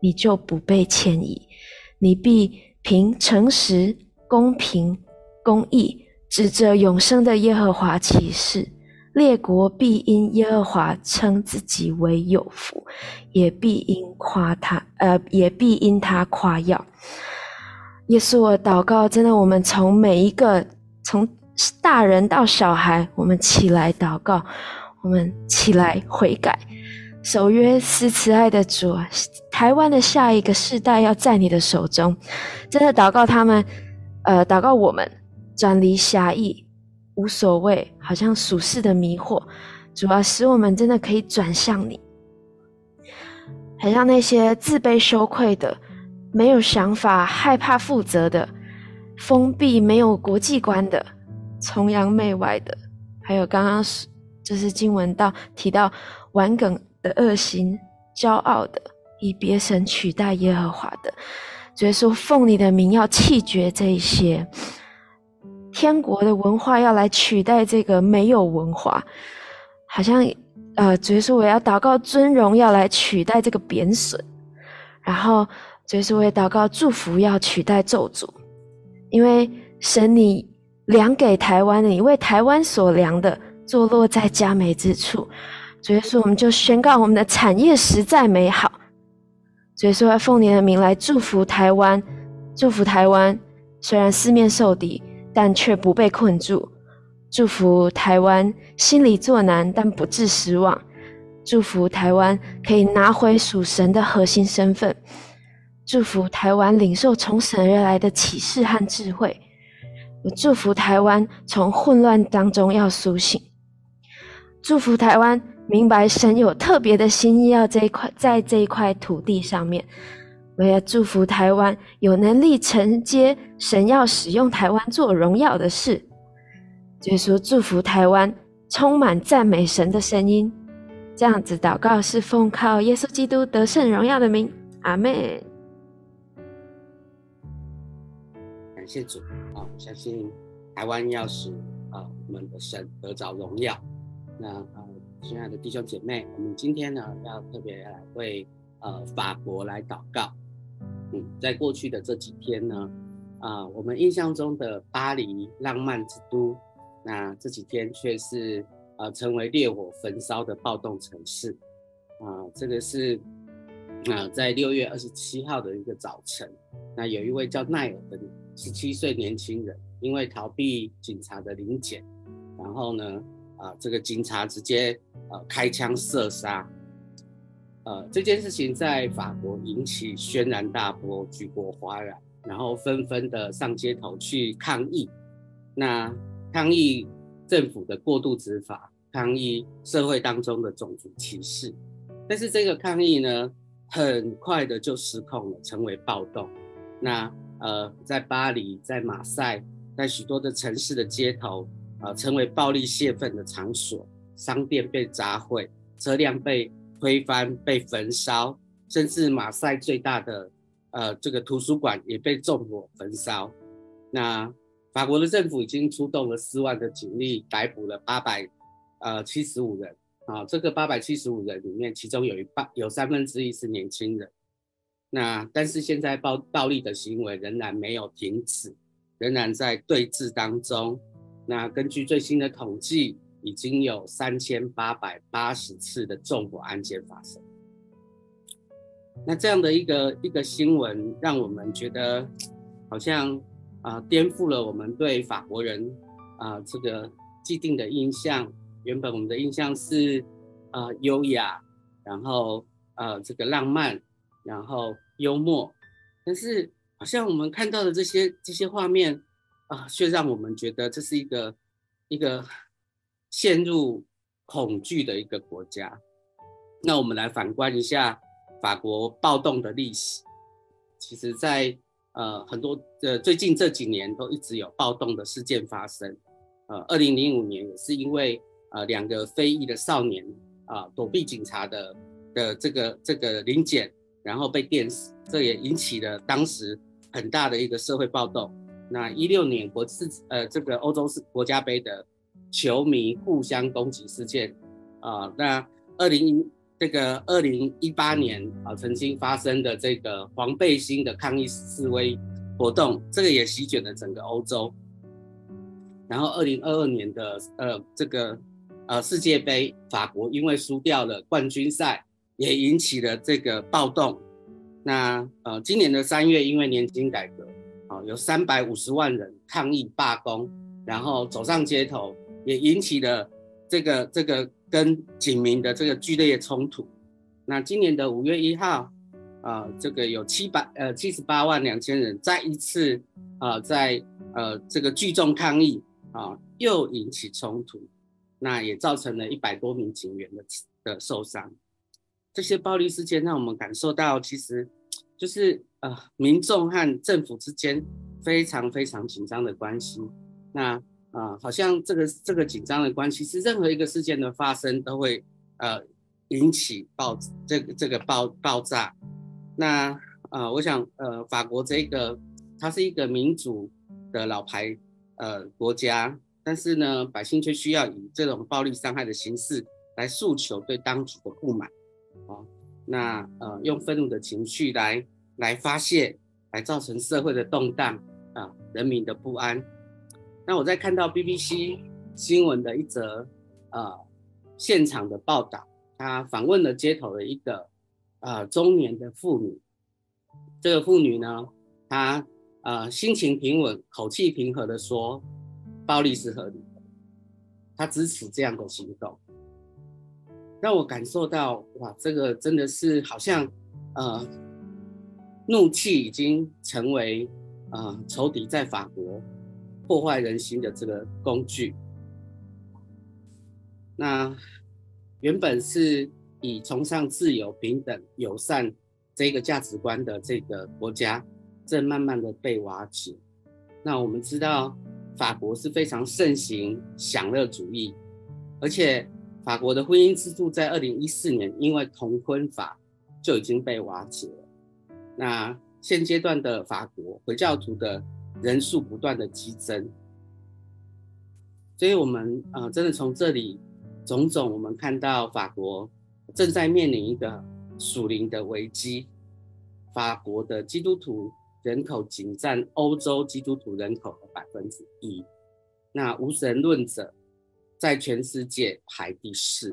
S6: 你就不被遷移，你必憑誠實、公平、公義。”指着永生的耶和華起誓，列國必因耶和華稱自己為有福，也必因誇他，呃，也必因他誇耀。耶穌，我禱告，真的，我們從每一個從大人到小孩，我們起來禱告，我們起來悔改。守約施慈愛的主啊！台灣的下一個世代要在你的手中，真的禱告他們，呃，禱告我們。轉離狹義，無所謂，好像屬世的迷惑，主要使我們真的可以轉向你，很像那些自卑、羞愧的，沒有想法、害怕負責的，封閉、沒有國際觀的，崇洋媚外的，還有剛剛就是經文到提到玩梗的惡行、驕傲的，以別神取代耶和華的，就說奉你的名要棄絕這一些。天國的文化要來取代這個沒有文化，好像，呃，所以說我要禱告尊榮要來取代這個貶損，然後，所以說我也禱告祝福要取代咒詛，因為神你量給台灣，你為台灣所量的，坐落在佳美之處，所以說我們就宣告我們的產業實在美好，所以說要奉你的名來祝福台灣，祝福台灣，雖然四面受敵，但卻不被困住。祝福台灣心裡作難，但不致失望。祝福台灣可以拿回屬神的核心身份。祝福台灣領受從神而來的啟示和智慧。我祝福台灣從混亂當中要甦醒。祝福台灣明白神有特別的心意，要這一塊在這一塊土地上面。我要祝福台灣有能力承接神要使用台灣做榮耀的事，就說祝福台灣充滿讚美神的聲音，這樣子禱告是奉靠耶穌基督得勝榮耀的名，阿門，
S7: 感謝主，好、哦，相信台灣要使啊、呃、我們的神得着榮耀。那呃，親愛的弟兄姐妹，我們今天呢要特別來為呃法國來禱告。在過去的這幾天呢，啊、呃，我們印象中的巴黎浪漫之都，那這幾天卻是啊、呃、成為烈火焚燒的暴動城市。啊、呃，這個是啊、呃、在六月二十七號的一個早晨，那有一位叫奈爾的十七歲年輕人，因為逃避警察的臨檢，然後呢，啊、呃、這個警察直接啊、呃、開槍射殺。呃，這件事情在法國引起軒然大波，舉國譁然，然後紛紛的上街頭去抗議，那抗議政府的過度執法，抗議社會當中的種族歧視。但是這個抗議呢，很快的就失控了，成為暴動。那呃，在巴黎、在馬賽、在許多的城市的街頭，啊、呃，成為暴力洩憤的場所，商店被砸毀，車輛被。推翻、被焚燒，甚至馬賽最大的呃這個圖書館也被縱火焚燒。那法國的政府已經出動了四萬的警力，逮捕了八百呃七十五人啊。這個八百七十五人裡面，其中有一半、有三分之一是年輕人。那但是現在暴暴力的行為仍然沒有停止，仍然在對峙當中。那根據最新的統計。已經有三千八百八十次的縱火案件發生。那這樣的一個一個新聞，讓我們覺得好像啊、呃，顛覆了我們對法國人啊、呃、這個既定的印象。原本我們的印象是啊、呃、優雅，然後啊、呃、這個浪漫，然後幽默。但是好像我們看到的這些這些畫面啊、呃，卻讓我們覺得這是一個一個。陷入恐懼的一個國家，那我們來反觀一下法國暴動的歷史。其實在，在呃很多呃最近這幾年都一直有暴動的事件發生。呃，二零零五年也是因為呃兩個非裔的少年啊、呃、躲避警察的的這個這個臨檢，然後被電死，這也引起了當時很大的一個社會暴動。那一六年國是呃這個歐洲是國家杯的。球迷互相攻擊事件，啊，那二零這個二零一八年啊，曾經發生的這個黃背心的抗議示威活動，這個也席捲了整個歐洲。然後二零二二年的呃這個呃世界杯，法國因為輸掉了冠軍賽，也引起了這個暴動。那呃今年的三月，因為年金改革，啊有三百五十萬人抗議罷工，然後走上街頭。也引起了這個這個跟警民的這個劇烈衝突。那今年的五月一號，啊、呃，這個有七百呃七十八萬兩千人再一次啊、呃、在呃這個聚眾抗議啊、呃，又引起衝突，那也造成了一百多名警員的的受傷。這些暴力事件讓我們感受到，其實就是呃民眾和政府之間非常非常緊張的關係。那。啊，好像這個這個緊張的關係是任何一個事件的發生都會呃引起爆這個這個爆爆炸。那啊、呃，我想呃，法國這個它是一個民主的老牌呃國家，但是呢，百姓卻需要以這種暴力傷害的形式來訴求對當局的不滿。哦，那呃，用憤怒的情緒來來發洩，來造成社會的動盪啊、呃，人民的不安。那我在看到 BBC 新聞的一則，呃，現場的報道，他訪問了街頭的一個，呃，中年的婦女。這個婦女呢，她呃心情平穩，口氣平和的說，暴力是合理的，她支持這樣的行動。讓我感受到，哇，這個真的是好像，呃，怒氣已經成為，呃，仇敵在法國，破壞人心的這個工具。那原本是以崇尚自由、平等、友善這個價值觀的這個國家，正慢慢的被瓦解。那我們知道，法國是非常盛行享樂主義，而且法國的婚姻制度在二零一四年因為同婚法，就已經被瓦解了。那現階段的法國，回教徒的。人數不斷的激增，所以我們啊、呃、真的從這裡種種，我們看到法國正在面臨一個屬靈的危機。法國的基督徒人口僅占歐洲基督徒人口的百分之一，那無神論者在全世界排第四，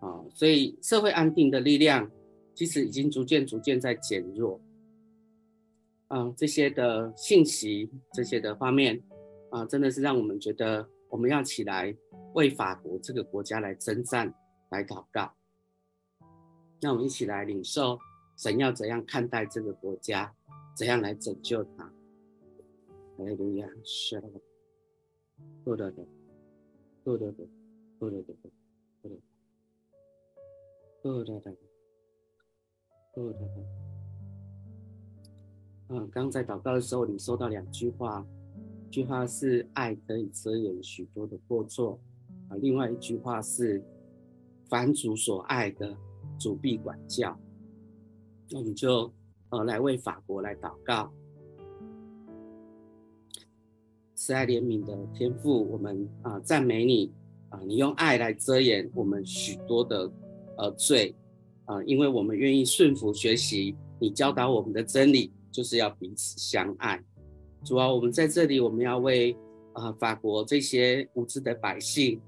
S7: 啊、呃，所以社會安定的力量其實已經逐漸逐漸在減弱。嗯、呃，這些的信息，這些的方面，啊、呃，真的是讓我們覺得我們要起來為法國這個國家來征戰，來禱告。那我們一起來領受神要怎樣看待這個國家，怎樣來拯救它。阿、哎、門。嗯，剛在禱告的時候，你收到兩句話，一句話是“愛可以遮掩許多的過錯”，啊，另外一句話是“凡主所愛的，主必管教”那。那我們就呃來為法國來禱告，慈愛憐憫的天父，我們啊讚美你啊！你用愛來遮掩我們許多的呃罪啊，因為我們願意順服學習你教導我們的真理。就是要彼此相愛，主啊、啊、我們在這裡，我們要為啊、呃、法國這些無知的百姓，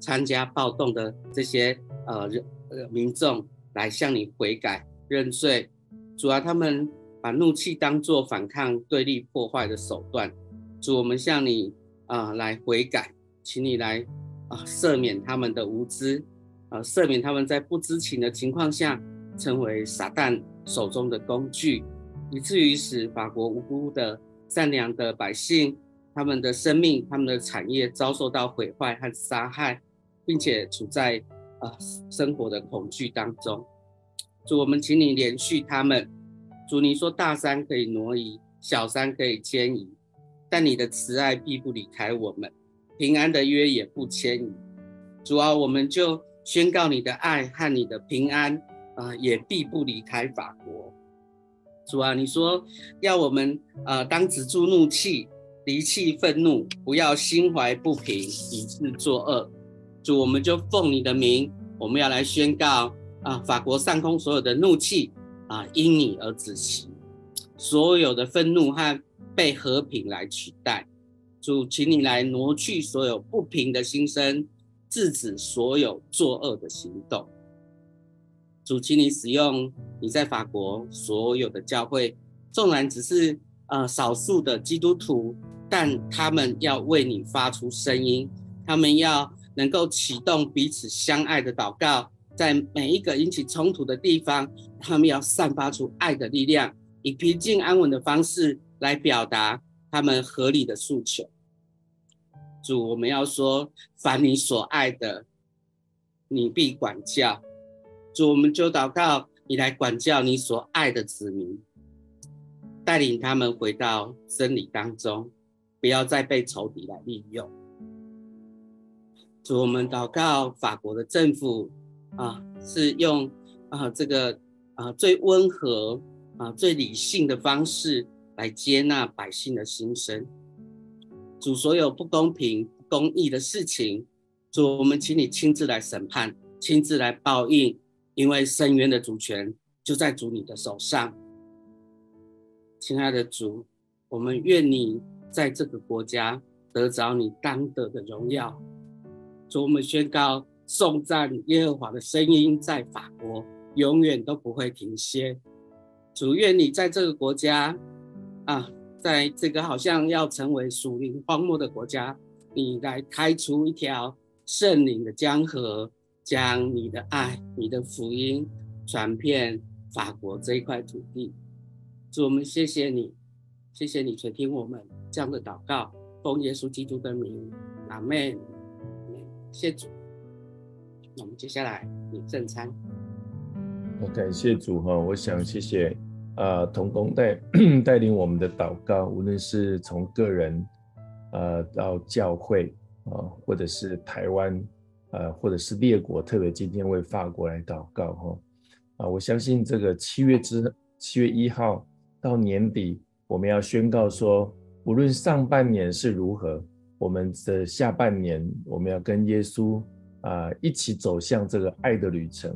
S7: 參加暴動的這些呃人呃民眾來向你悔改認罪，主啊、啊、他們把怒氣當作反抗、對立、破壞的手段，主，我們向你啊、呃、來悔改，請你來啊、呃、赦免他們的無知，啊、呃、赦免他們在不知情的情況下成為撒旦手中的工具。以至於使法國無辜的善良的百姓，他們的生命、他們的產業遭受到毀壞和殺害，並且處在啊、呃、生活的恐懼當中。主，我們請你憐恤他們。主，你說大山可以挪移，小山可以遷移，但你的慈愛必不離開我們，平安的約也不遷移。主啊，我們就宣告你的愛和你的平安啊、呃，也必不離開法國。主啊，你說要我們啊、呃，當止住怒氣，離棄憤怒，不要心懷不平，以致作惡。主，我們就奉你的名，我們要來宣告啊、呃，法國上空所有的怒氣啊、呃，因你而止息；所有的憤怒和被和平來取代。主，請你來挪去所有不平的心聲，制止所有作惡的行動。主，請你使用你在法國所有的教會，縱然只是呃少數的基督徒，但他們要為你發出聲音，他們要能夠啟動彼此相愛的禱告，在每一個引起衝突的地方，他們要散發出愛的力量，以平靜安穩的方式來表達他們合理的訴求。主，我們要說，凡你所愛的，你必管教。主，我們就禱告你來管教你所愛的子民，帶領他們回到真理當中，不要再被仇敵來利用。主，我們禱告法國的政府啊，是用啊這個啊最溫和啊最理性的方式來接納百姓的心聲。主，所有不公平、不公義的事情，主，我們請你親自來審判，親自來報應。因為深淵的主權就在主你的手上，親愛的主，我們願你在這個國家得着你當得的榮耀。主，我們宣告頌讚耶和華的聲音在法國永遠都不會停歇。主，願你在這個國家，啊，在這個好像要成為屬靈荒漠的國家，你來開出一條聖靈的江河。將你的愛、你的福音傳遍法國這一塊土地，主，我們謝謝你，謝謝你垂聽我們這樣的禱告。奉耶穌基督的名，阿們，嗯、謝主，那我們接下來你正餐。我感
S4: 謝主哈，我想謝謝呃同工帶帶領我們的禱告，無論是從個人呃到教會啊，或者是台灣。呃，或者是列國，特別今天為法國來禱告哈。啊，我相信這個七月之七月一號到年底，我們要宣告說，無論上半年是如何，我們的下半年，我們要跟耶穌啊一起走向這個愛的旅程。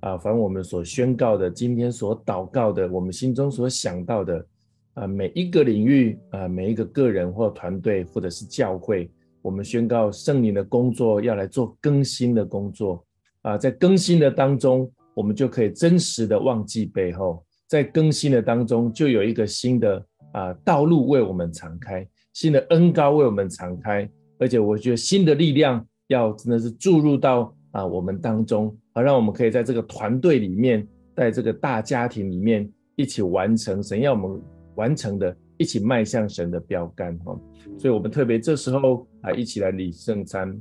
S4: 啊，凡我們所宣告的，今天所禱告的，我們心中所想到的，啊，每一個領域，啊，每一個個人或團隊，或者是教會。我們宣告聖靈的工作要來做更新的工作啊，在更新的當中，我們就可以真實的忘記背後；在更新的當中，就有一個新的啊道路為我們敞開，新的恩膏為我們敞開。而且，我覺得新的力量要真的是注入到啊我們當中，好讓我們可以在這個團隊裡面，在這個大家庭裡面一起完成神要我們完成的，一起邁向神的標杆哈、哦。所以，我們特別這時候。啊，一起來領聖餐，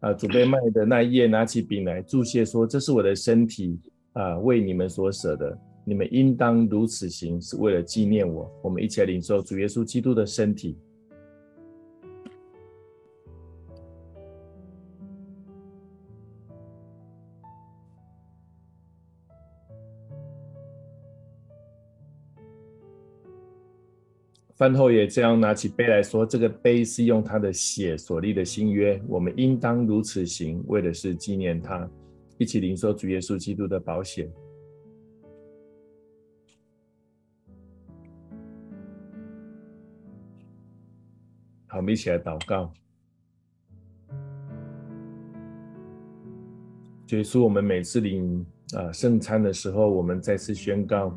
S4: 啊，主被賣的那一夜，拿起餅來祝謝說：“這是我的身體，啊，為你們所舍的，你們應當如此行，是為了紀念我。”我們一起來領受主耶穌基督的身體。飯後也這樣拿起杯來說：“這個杯是用他的血所立的新約，我們應當如此行，為的是紀念他，一起領受主耶穌基督的寶血。”好，我們一起來禱告。耶穌：“我們每次領啊、呃、聖餐的時候，我們再次宣告，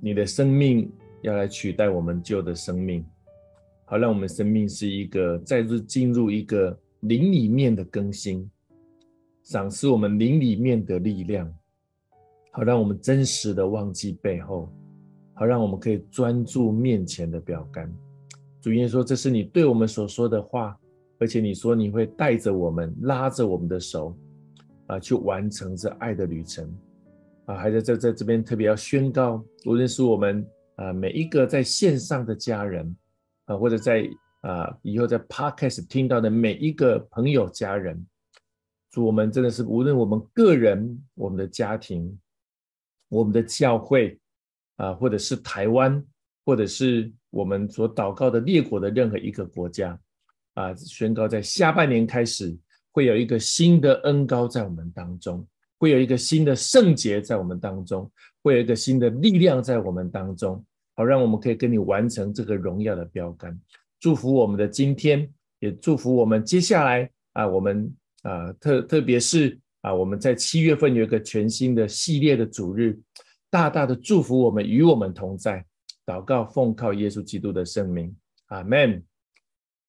S4: 你的生命。”要來取代我們舊的生命，好，讓我們生命是一個再次進入一個靈裡面的更新，賞賜我們靈裡面的力量，好，讓我們真實的忘記背後，好，讓我們可以專注面前的標杆。主耶穌說：“這是你對我們所說的話，而且你說你會帶着我們，拉着我們的手，啊，去完成這愛的旅程，啊，還在在在這邊特別要宣告，無論是我們。”啊、呃，每一個在線上的家人，啊、呃，或者在啊、呃、以後在 Podcast 聽到的每一個朋友家人，祝我們真的是無論我們個人、我們的家庭、我們的教會啊、呃，或者是台灣，或者是我們所禱告的列國的任何一個國家，啊、呃，宣告在下半年開始會有一個新的恩膏在我們當中，會有一個新的聖潔在我們當中。會有一個新的力量在我們當中，好讓我們可以跟你完成這個榮耀的標竿。祝福我們的今天，也祝福我們接下來啊，我們啊，特特別是啊，我們在七月份有一個全新的系列的主日，大大的祝福我們與我們同在。禱告，奉靠耶穌基督的聖名，阿們。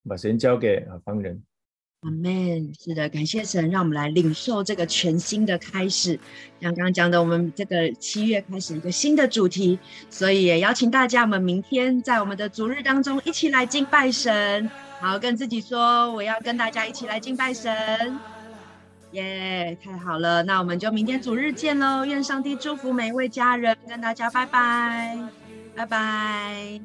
S4: 把神交給啊方人。
S1: 阿門是的，感謝神讓我們來領受這個全新的開始。像剛剛講的，我們這個七月開始一個新的主題，所以也邀請大家，我們明天在我們的主日當中一起來敬拜神。好，跟自己說，我要跟大家一起來敬拜神。耶，yeah，太好了，那我們就明天主日見嘍。願上帝祝福每一位家人，跟大家拜拜，拜拜。